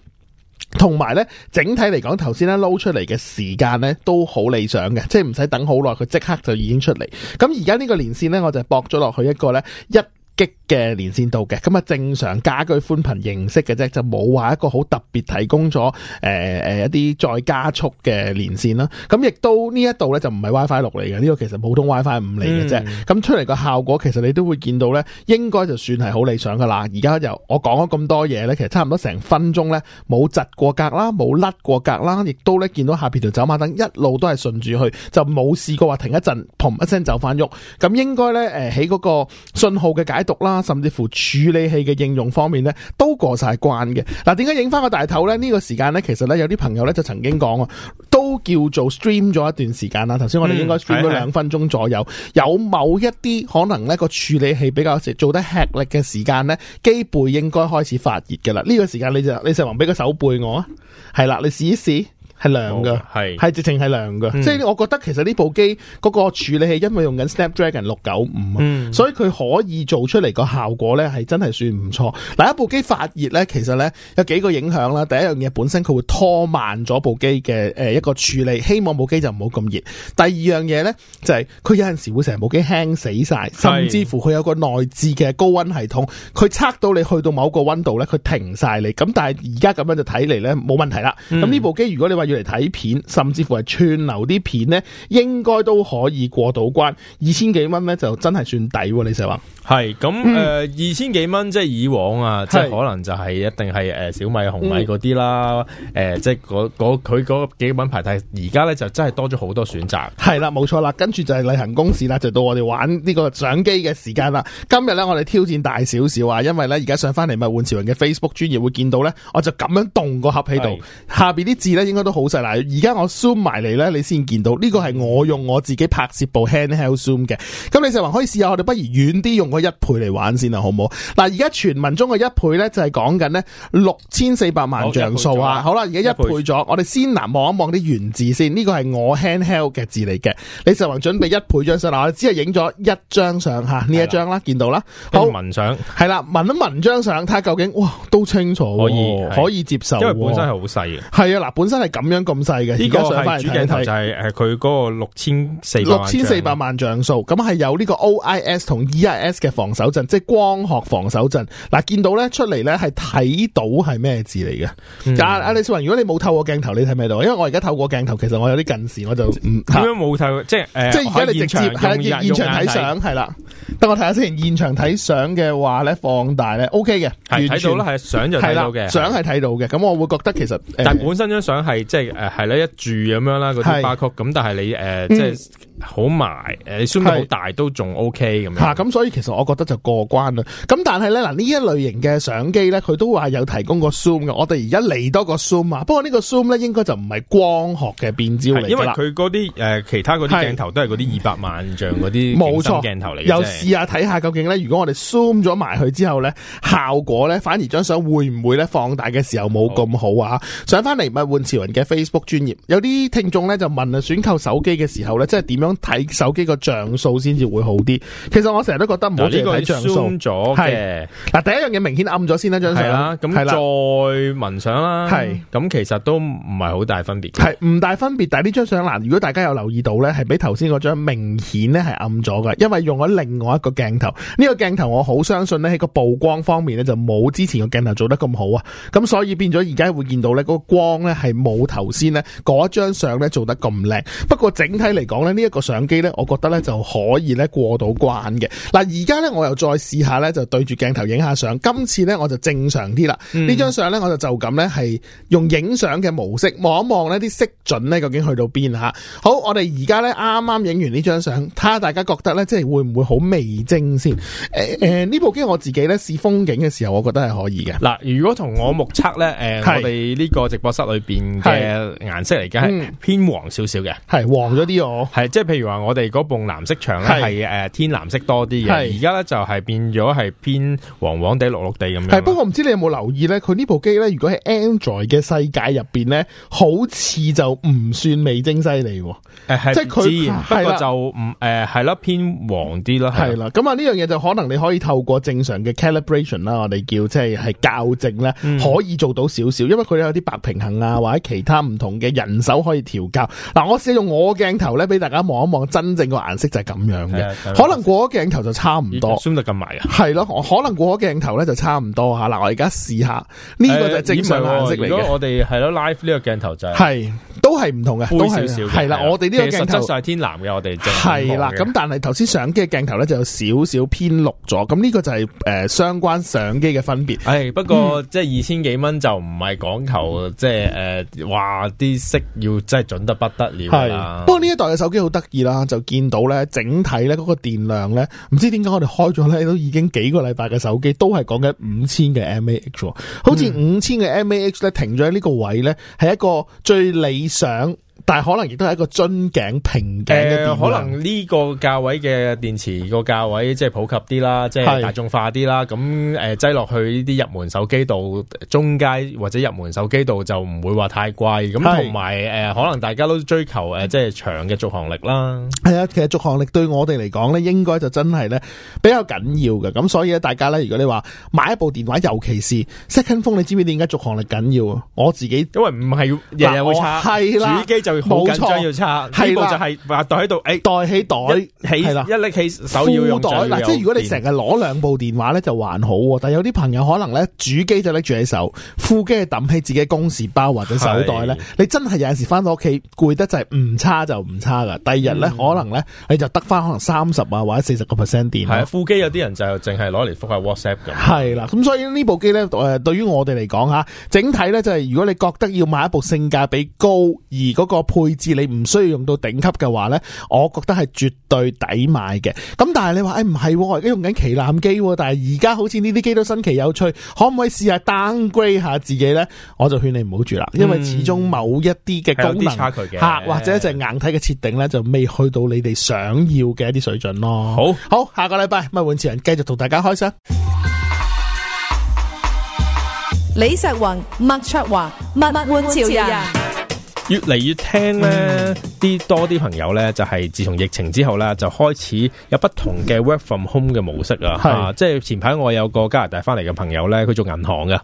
同埋咧，整體嚟講，頭先咧撈出嚟嘅時間咧都好理想嘅，即係唔使等好耐，佢即刻就已經出嚟。咁而家呢個連線咧，我就係駁咗落去一個咧一。激嘅連線度嘅，咁啊正常家居寬頻形式嘅啫，就冇話一個好特別提供咗誒、呃、一啲再加速嘅連線啦。咁亦都呢一度咧就唔係 WiFi 六嚟嘅，呢個其實普通 WiFi 五嚟嘅啫。咁、嗯、出嚟個效果其實你都會見到咧，應該就算係好理想噶啦。而家又我講咗咁多嘢咧，其實差唔多成分鐘咧，冇窒過格啦，冇甩過格啦，亦都咧見到下面條走馬燈一路都係順住去，就冇試過話停一陣，砰一聲走翻喐。咁應該咧起喺嗰個信號嘅解。讀啦，甚至乎處理器嘅應用方面咧，都過晒關嘅。嗱，點解影翻個大頭呢？呢、這個時間呢，其實呢，有啲朋友呢，就曾經講啊，都叫做 stream 咗一段時間啦。頭先我哋應該 stream 咗兩分鐘左右，嗯，有某一啲可能呢個處理器比較時做得吃力嘅時間呢，機背應該開始發熱嘅啦。呢、這個時間你就你就還俾個手背我啊，係 [laughs] 啦，你試一試。係涼嘅，係、哦、係直情係涼嘅，即係我覺得其實呢部機嗰個處理器因為用緊 Snapdragon 六九五啊，所以佢可以做出嚟個效果咧係真係算唔錯。嗱一部機發熱咧，其實咧有幾個影響啦。第一樣嘢本身佢會拖慢咗部機嘅誒、呃、一個處理，希望部機就唔好咁熱。第二樣嘢咧就係、是、佢有陣時會成部機輕死晒，甚至乎佢有個內置嘅高温系統，佢測到你去到某個温度咧，佢停晒你。咁但係而家咁樣就睇嚟咧冇問題啦。咁、嗯、呢部機如果你話要。嚟睇片，甚至乎係串流啲片呢，應該都可以過到關。二千幾蚊呢，就真係算抵。你成日話係咁誒，二千幾蚊即係以往啊，即係可能就係、是、一定係誒小米、紅米嗰啲啦。誒、嗯呃，即係嗰嗰佢嗰幾個品牌，但係而家呢，就真係多咗好多選擇。係啦，冇錯啦。跟住就係例行公事啦，就到我哋玩呢個相機嘅時間啦。今日呢，我哋挑戰大少少啊，因為呢，而家上翻嚟物玩潮人嘅 Facebook 專頁會見到呢，我就咁樣動個盒喺度，下邊啲字呢，應該都。好細啦，而家我 zoom 埋嚟咧，你先見到呢個係我用我自己拍攝部 handheld zoom 嘅。咁李世華可以試下，我哋不如遠啲用個一倍嚟玩先啦，好唔好？嗱，而家傳聞中嘅一倍咧，就係講緊咧六千四百萬像素啊。好啦，而家一倍咗，我哋先難望一望啲原字先。呢、這個係我 handheld 嘅字嚟嘅。李世華準備一倍張相啦，我哋只係影咗一張相吓，呢 [laughs] 一張啦，嗯，見到啦。好，文相係啦，文一文張相睇下究竟，哇，都清楚、啊，可以可以接受、啊，因為本身係好細嘅。係啊，嗱，本身係咁。咁樣咁細嘅，呢個係主鏡頭就係誒佢嗰個六千四六千四百萬像素，咁係有呢個 OIS 同 EIS 嘅防手震，即係光學防手震。嗱，見到咧出嚟咧，係睇到係咩字嚟嘅？但阿李思雲，如果你冇透過鏡頭，你睇唔睇到？因為我而家透過鏡頭，其實我有啲近視，我就唔點、嗯、樣冇睇，即係、呃、即係而家你直接喺現場睇相係啦。等我睇下先，現場睇相嘅話咧，放大咧，OK 嘅，係、OK、睇到啦，係相就睇到嘅，相係睇到嘅。咁我會覺得其實，呃、但本身張相係。即係誒，係啦，一住咁樣啦，嗰啲巴曲咁，但係你誒、呃嗯，即係。好埋誒，zoom 好大都仲 ok 咁樣吓，咁、啊、所以其實我覺得就過關啦。咁但係咧嗱，呢一類型嘅相機咧，佢都話有提供個 zoom 嘅。我哋而家嚟多個 zoom 啊，不過呢個 zoom 咧應該就唔係光學嘅變焦嚟，因為佢嗰啲誒其他嗰啲鏡頭都係嗰啲二百萬像嗰啲鏡頭嚟。又試下睇下究竟咧，如果我哋 zoom 咗埋去之後咧，效果咧反而張相會唔會咧放大嘅時候冇咁好啊？好上翻嚟唔係物玩潮人嘅 Facebook 專頁，有啲聽眾咧就問啊，選購手機嘅時候咧，即係點樣？想睇手機個像素先至會好啲，其實我成日都覺得冇呢個像素嘅。嗱，第一樣嘢明顯暗咗先啦，張相。係啦，咁再聞相啦。係，咁其實都唔係好大分別。係唔大分別，但係呢張相嗱，如果大家有留意到咧，係比頭先嗰張明顯咧係暗咗嘅，因為用咗另外一個鏡頭。呢個鏡頭我好相信咧喺個曝光方面咧就冇之前個鏡頭做得咁好啊。咁所以變咗而家會見到咧個光咧係冇頭先咧嗰張相咧做得咁靚。不過整體嚟講咧呢一個。個相機呢，我覺得呢就可以呢過到關嘅。嗱，而家呢，我又再試下呢，就對住鏡頭影下相。今次呢，我就正常啲啦。呢、嗯、張相呢，我就就咁呢，係用影相嘅模式望一望呢啲色準呢，究竟去到邊吓，好，我哋而家呢啱啱影完呢張相，睇下大家覺得呢，即係會唔會好味精先？誒、呃、誒、呢、呃、部機我自己呢，試風景嘅時候，我覺得係可以嘅。嗱，如果同我目測呢，誒、呃，我哋呢個直播室裏邊嘅顏色嚟講係偏黃少少嘅，係、嗯、黃咗啲哦，係即譬如話我哋嗰部藍色牆咧係、誒、天藍色多啲嘅，而家咧就係、是、變咗係偏黃黃地、綠綠地咁樣。係，不過唔知你有冇留意咧？佢呢部機咧，如果係 Android 嘅世界入邊咧，好似就唔算美精犀利。誒、呃、係，即係佢不過就唔誒係咯，偏黃啲咯，係啦。咁啊呢樣嘢就可能你可以透過正常嘅 calibration 啦，我哋叫即係係校正咧，可以做到少少、嗯。因為佢有啲白平衡啊，或者其他唔同嘅人手可以調校。嗱、啊，我試用我鏡頭咧，俾大家望。我望真正個顏色就係咁樣嘅，可能過咗鏡頭就差唔多，先咁撳埋嘅，係咯，可能過咗鏡頭咧就差唔多吓。嗱，我而家試下，呢、這個就正常顏色嚟嘅、欸。如果我哋係咯，live 呢個鏡頭就係都係唔同嘅，都少少係啦。我哋呢個鏡頭實質晒天藍嘅，我哋係啦。咁但係頭先相機鏡頭咧就有少少偏綠咗。咁呢個就係、是、誒、呃、相關相機嘅分別。係、欸、不過、嗯、即係二千幾蚊就唔係講求即係誒話啲色要真係準得不得了啦。不過呢一代嘅手機好得。二啦，就見到咧，整體咧嗰個電量咧，唔知點解我哋開咗咧都已經幾個禮拜嘅手機都係講緊五千嘅 mAh，好似五千嘅 mAh 咧停咗喺呢個位咧，係一個最理想。但係可能亦都係一個樽頸瓶頸嘅，可能呢個價位嘅電池個價位即係普及啲啦，即、就、係、是、大眾化啲啦。咁誒，擠落、呃、去呢啲入門手機度，中階或者入門手機度就唔會話太貴。咁同埋誒，可能大家都追求誒，即、呃、係、就是、長嘅續航力啦。係啊，其實續航力對我哋嚟講咧，應該就真係咧比較緊要嘅。咁所以咧，大家咧，如果你話買一部電話，尤其是 second phone，你知唔知點解續航力緊要？我自己因為唔係日日會叉係啦、啊，主機就。冇錯，係啦，就係話袋喺度，誒袋、欸、起袋起，係啦，一拎起，手要用袋。用有即係如果你成日攞兩部電話咧，就還好喎。 [laughs] 但有啲朋友可能咧，主機就拎住喺手，副機抌起自己公事包或者手袋咧。你真係有陣時翻到屋企，攰得就係唔叉，就唔叉㗎。第二日咧、嗯，可能咧，你就得翻可能三十啊或者四十個 percent 電。啊，副機有啲人就淨係攞嚟覆下 WhatsApp 㗎。係啦，咁所以呢部機咧，誒對於我哋嚟講，下整體咧就係如果你覺得要買一部性價比高而嗰、嗰個配置你唔需要用到頂級嘅話咧，我覺得係絕對抵買嘅。咁但係你話，誒唔係，我而家用緊旗艦機，但係而家好似呢啲機都新奇有趣，可唔可以試下 downgrade 一下自己咧？我就勸你唔好住啦，因為始終某一啲嘅功能吓、嗯、或者隻硬體嘅設定咧，就未去到你哋想要嘅一啲水準咯。好，好，下個禮拜物玩潮人繼續同大家開箱。李石雲、麥卓華、物玩潮人。越嚟越聽咧，啲多啲朋友咧就係自從疫情之後咧，就開始有不同嘅 work from home 嘅模式啊，即係前排我有個加拿大翻嚟嘅朋友咧，佢做銀行嘅，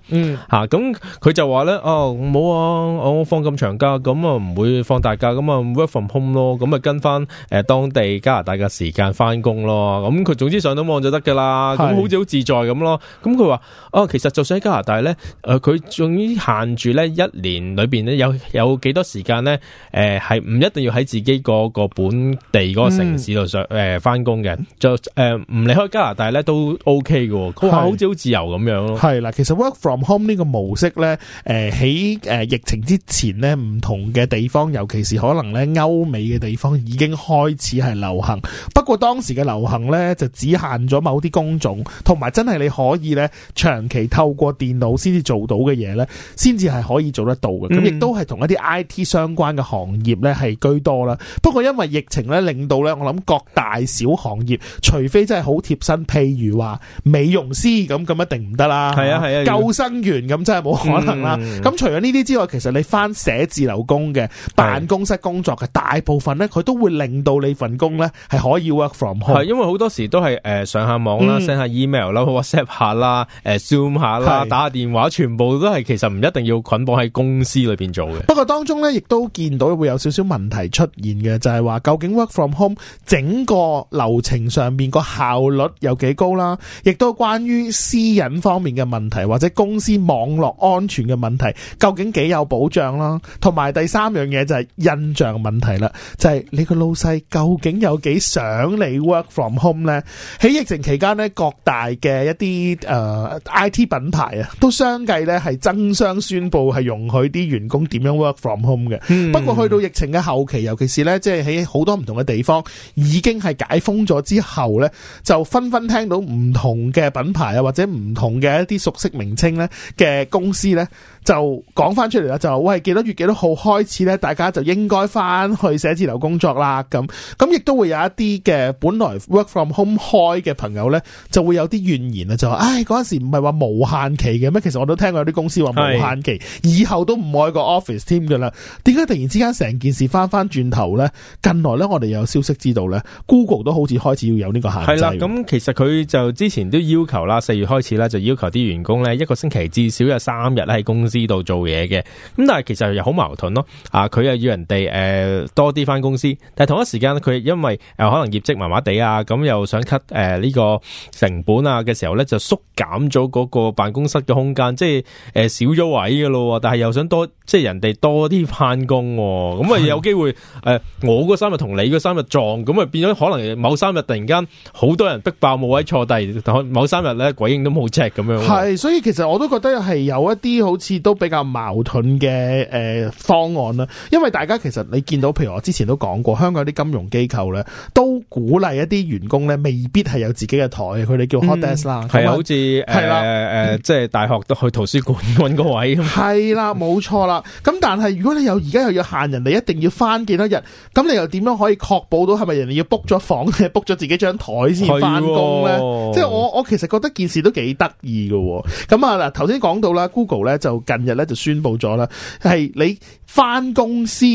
吓咁佢就話咧，哦冇、啊、我放咁長假，咁啊唔會放大假，咁啊 work from home 咯，咁啊跟翻誒、呃、當地加拿大嘅時間翻工咯，咁佢總之上到網就得㗎喇，咁好似好自在咁咯，咁佢話哦其實就算喺加拿大咧，誒佢仲要限住咧一年裏邊咧有有幾多。時間咧，誒係唔一定要喺自己個個本地嗰個城市度上誒翻工嘅，就誒唔離開加拿大咧都 OK 嘅喎，好似好自由咁樣咯。係啦，其實 work from home 呢個模式咧，誒喺誒疫情之前咧，唔同嘅地方，尤其是可能咧歐美嘅地方已經開始係流行，不過當時嘅流行咧就只限咗某啲工種，同埋真係你可以咧長期透過電腦先至做到嘅嘢咧，先至係可以做得到嘅。咁亦都係同一啲 IT 相關嘅行業咧係居多啦，不過因為疫情咧，令到咧我諗各大小行業，除非真係好貼身，譬如話美容師咁，咁一定唔得啦。係啊係啊，啊，救生員咁真係冇可能啦。咁、嗯、除咗呢啲之外，其實你翻寫字樓工嘅辦公室工作嘅大部分咧，佢都會令到你份工咧係可以 work from home。因為好多時都係誒、呃、上下網啦，send、嗯、下 email 啦，whatsapp 下啦，誒、呃、zoom 下啦，打下電話，全部都係其實唔一定要捆綁喺公司裏邊做嘅。不過當中咧。亦都見到會有少少問題出現嘅，就係話究竟 work from home 整個流程上面個效率有幾高啦，亦都關於私隱方面嘅問題或者公司網絡安全嘅問題，究竟幾有保障啦？同埋第三樣嘢就係印象問題啦，就係你個老細究竟有幾想你 work from home 呢？喺疫情期間呢，各大嘅一啲誒、uh, IT 品牌啊，都相繼呢係爭相宣布係容許啲員工點樣 work from home。嗯、不過去到疫情嘅後期，尤其是呢即係喺好多唔同嘅地方，已經係解封咗之後呢，就紛紛聽到唔同嘅品牌啊，或者唔同嘅一啲熟悉名稱呢嘅公司呢就講翻出嚟啦，就，就話喂，幾多月幾多號開始呢大家就應該翻去寫字樓工作啦。咁咁亦都會有一啲嘅本來 work from home 開嘅朋友呢就會有啲怨言就話唉，嗰陣時唔係話無限期嘅咩？其實我都聽過有啲公司話無限期，以後都唔愛個 office 添噶啦。點解突然之間成件事翻翻轉頭呢？近來呢，我哋有消息知道呢，Google 都好似開始要有呢個限制。係啦，咁、嗯、其實佢就之前都要求啦，四月開始呢，就要求啲員工呢一個星期至少有三日喺公司度做嘢嘅。咁但係其實又好矛盾咯。啊，佢又要人哋誒、呃、多啲翻公司，但係同一時間佢因為、呃、可能業績麻麻地啊，咁又想 cut 誒呢個成本啊嘅時候呢，就縮減咗嗰個辦公室嘅空間，即係、呃、少咗位噶咯。但係又想多即係人哋多啲。慳工咁啊，有機會誒、呃，我嗰三日同你嗰三日撞，咁啊變咗可能某三日突然間好多人逼爆冇位坐，但係某三日咧鬼影都冇隻咁樣，啊。係，所以其實我都覺得係有一啲好似都比較矛盾嘅誒、呃、方案啦。因為大家其實你見到，譬如我之前都講過，香港啲金融機構咧都鼓勵一啲員工咧未必係有自己嘅台，佢哋叫 hot desk、嗯、啦，係、嗯、啊，好似係啦，誒、呃嗯呃、即係大學都去圖書館揾個位。係啦，冇、嗯、錯啦。咁但係如果你又而家又要限人哋一定要翻幾多日，咁你又點樣可以確保到係咪人哋要 book 咗房、book 咗自己張台先翻工呢？即係我我其實覺得件事都幾得意嘅。咁啊嗱，頭先講到啦，Google 咧就近日咧就宣佈咗啦，係你翻公司。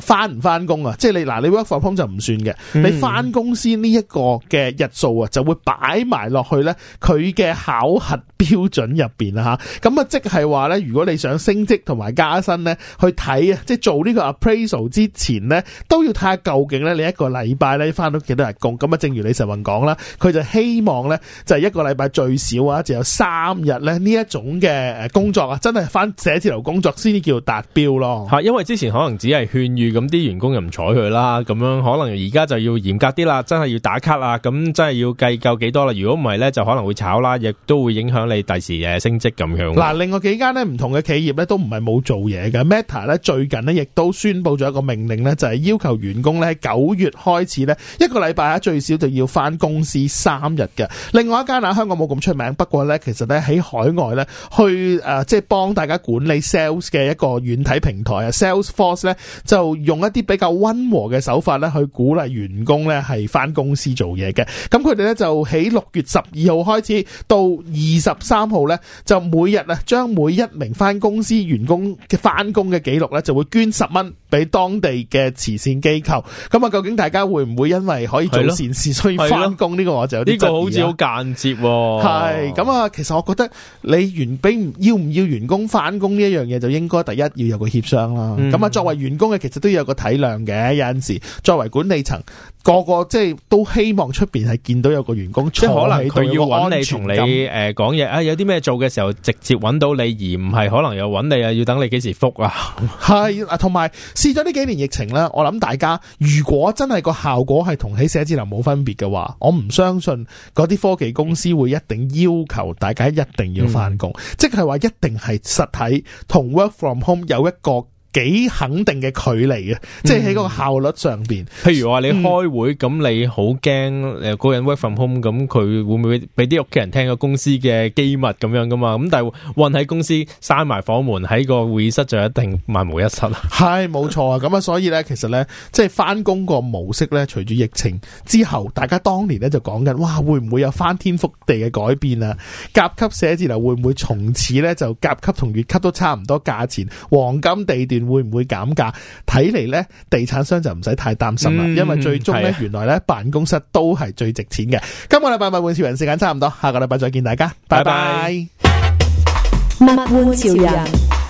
翻唔翻工啊？即係你嗱，你 work from home 就唔算嘅、嗯。你翻公司呢一個嘅日數啊，就會擺埋落去咧佢嘅考核標準入邊啦吓。咁啊，即係話咧，如果你想升職同埋加薪咧，去睇啊，即係做呢個 appraisal 之前咧，都要睇下究竟咧你一個禮拜咧翻到幾多日工。咁啊，正如李成云講啦，佢就希望咧就係一個禮拜最少啊，就有三日咧呢一種嘅誒工作啊，真係翻寫字樓工作先至叫達標咯。吓，因為之前可能只係勸。咁啲員工又唔睬佢啦，咁樣可能而家就要嚴格啲啦，真係要打卡啊！咁真係要計夠幾多啦。如果唔係呢，就可能會炒啦，亦都會影響你第時嘅升職咁樣。嗱，另外幾間呢唔同嘅企業呢都唔係冇做嘢嘅，Meta 呢最近呢亦都宣布咗一個命令呢，就係要求員工呢喺九月開始呢一個禮拜啊最少就要返公司三日嘅。另外一間啊香港冇咁出名，不過呢其實呢喺海外呢去誒即係幫大家管理 Sales 嘅一個軟體平台啊，Salesforce 呢就。用一啲比較溫和嘅手法咧，去鼓勵員工咧，係翻公司做嘢嘅。咁佢哋咧，就喺六月十二號開始到二十三號咧，就每日咧，將每一名翻公司員工嘅翻工嘅記錄咧，就會捐十蚊俾當地嘅慈善機構。咁啊，究竟大家會唔會因為可以做善事，所以翻工呢個我就有啲質疑啊呢、這個好似好間接喎、啊。係咁啊，其實我覺得你員兵要唔要員工翻工呢一樣嘢，就應該第一要有個協商啦。咁啊，作為員工嘅其實。都有個體諒嘅，有陣時作為管理層，個個即係都希望出面係見到有個員工，即係可能佢要揾你，同你誒講嘢啊，有啲咩做嘅時候直接揾到你，而唔係可能又揾你啊，要等你幾時復啊？係 [laughs] 啊，同埋試咗呢幾年疫情啦，我諗大家如果真係個效果係同喺寫字樓冇分別嘅話，我唔相信嗰啲科技公司會一定要求大家一定要翻工，嗯、即係話一定係實體同 work from home 有一個。幾肯定嘅距離啊、嗯，即係喺個效率上邊。譬如話你開會，咁、嗯、你好驚誒個人 work from home，咁佢會唔會俾啲屋企人聽個公司嘅機密咁樣噶嘛？咁但係韞喺公司閂埋房門喺個會議室就一定萬無一失啦。係冇錯啊，咁啊，所以咧，其實咧，即係翻工個模式咧，隨住疫情之後，大家當年咧就講緊，哇，會唔會有翻天覆地嘅改變啊？甲級寫字樓會唔會從此咧就甲級同乙級都差唔多價錢？黃金地段？會唔會減價？睇嚟，呢地產商就唔使太擔心啦、嗯，因為最終呢，原來呢，辦公室都係最值錢嘅。今個禮拜物玩潮人時間差唔多，下個禮拜再見大家，拜拜。物玩潮人。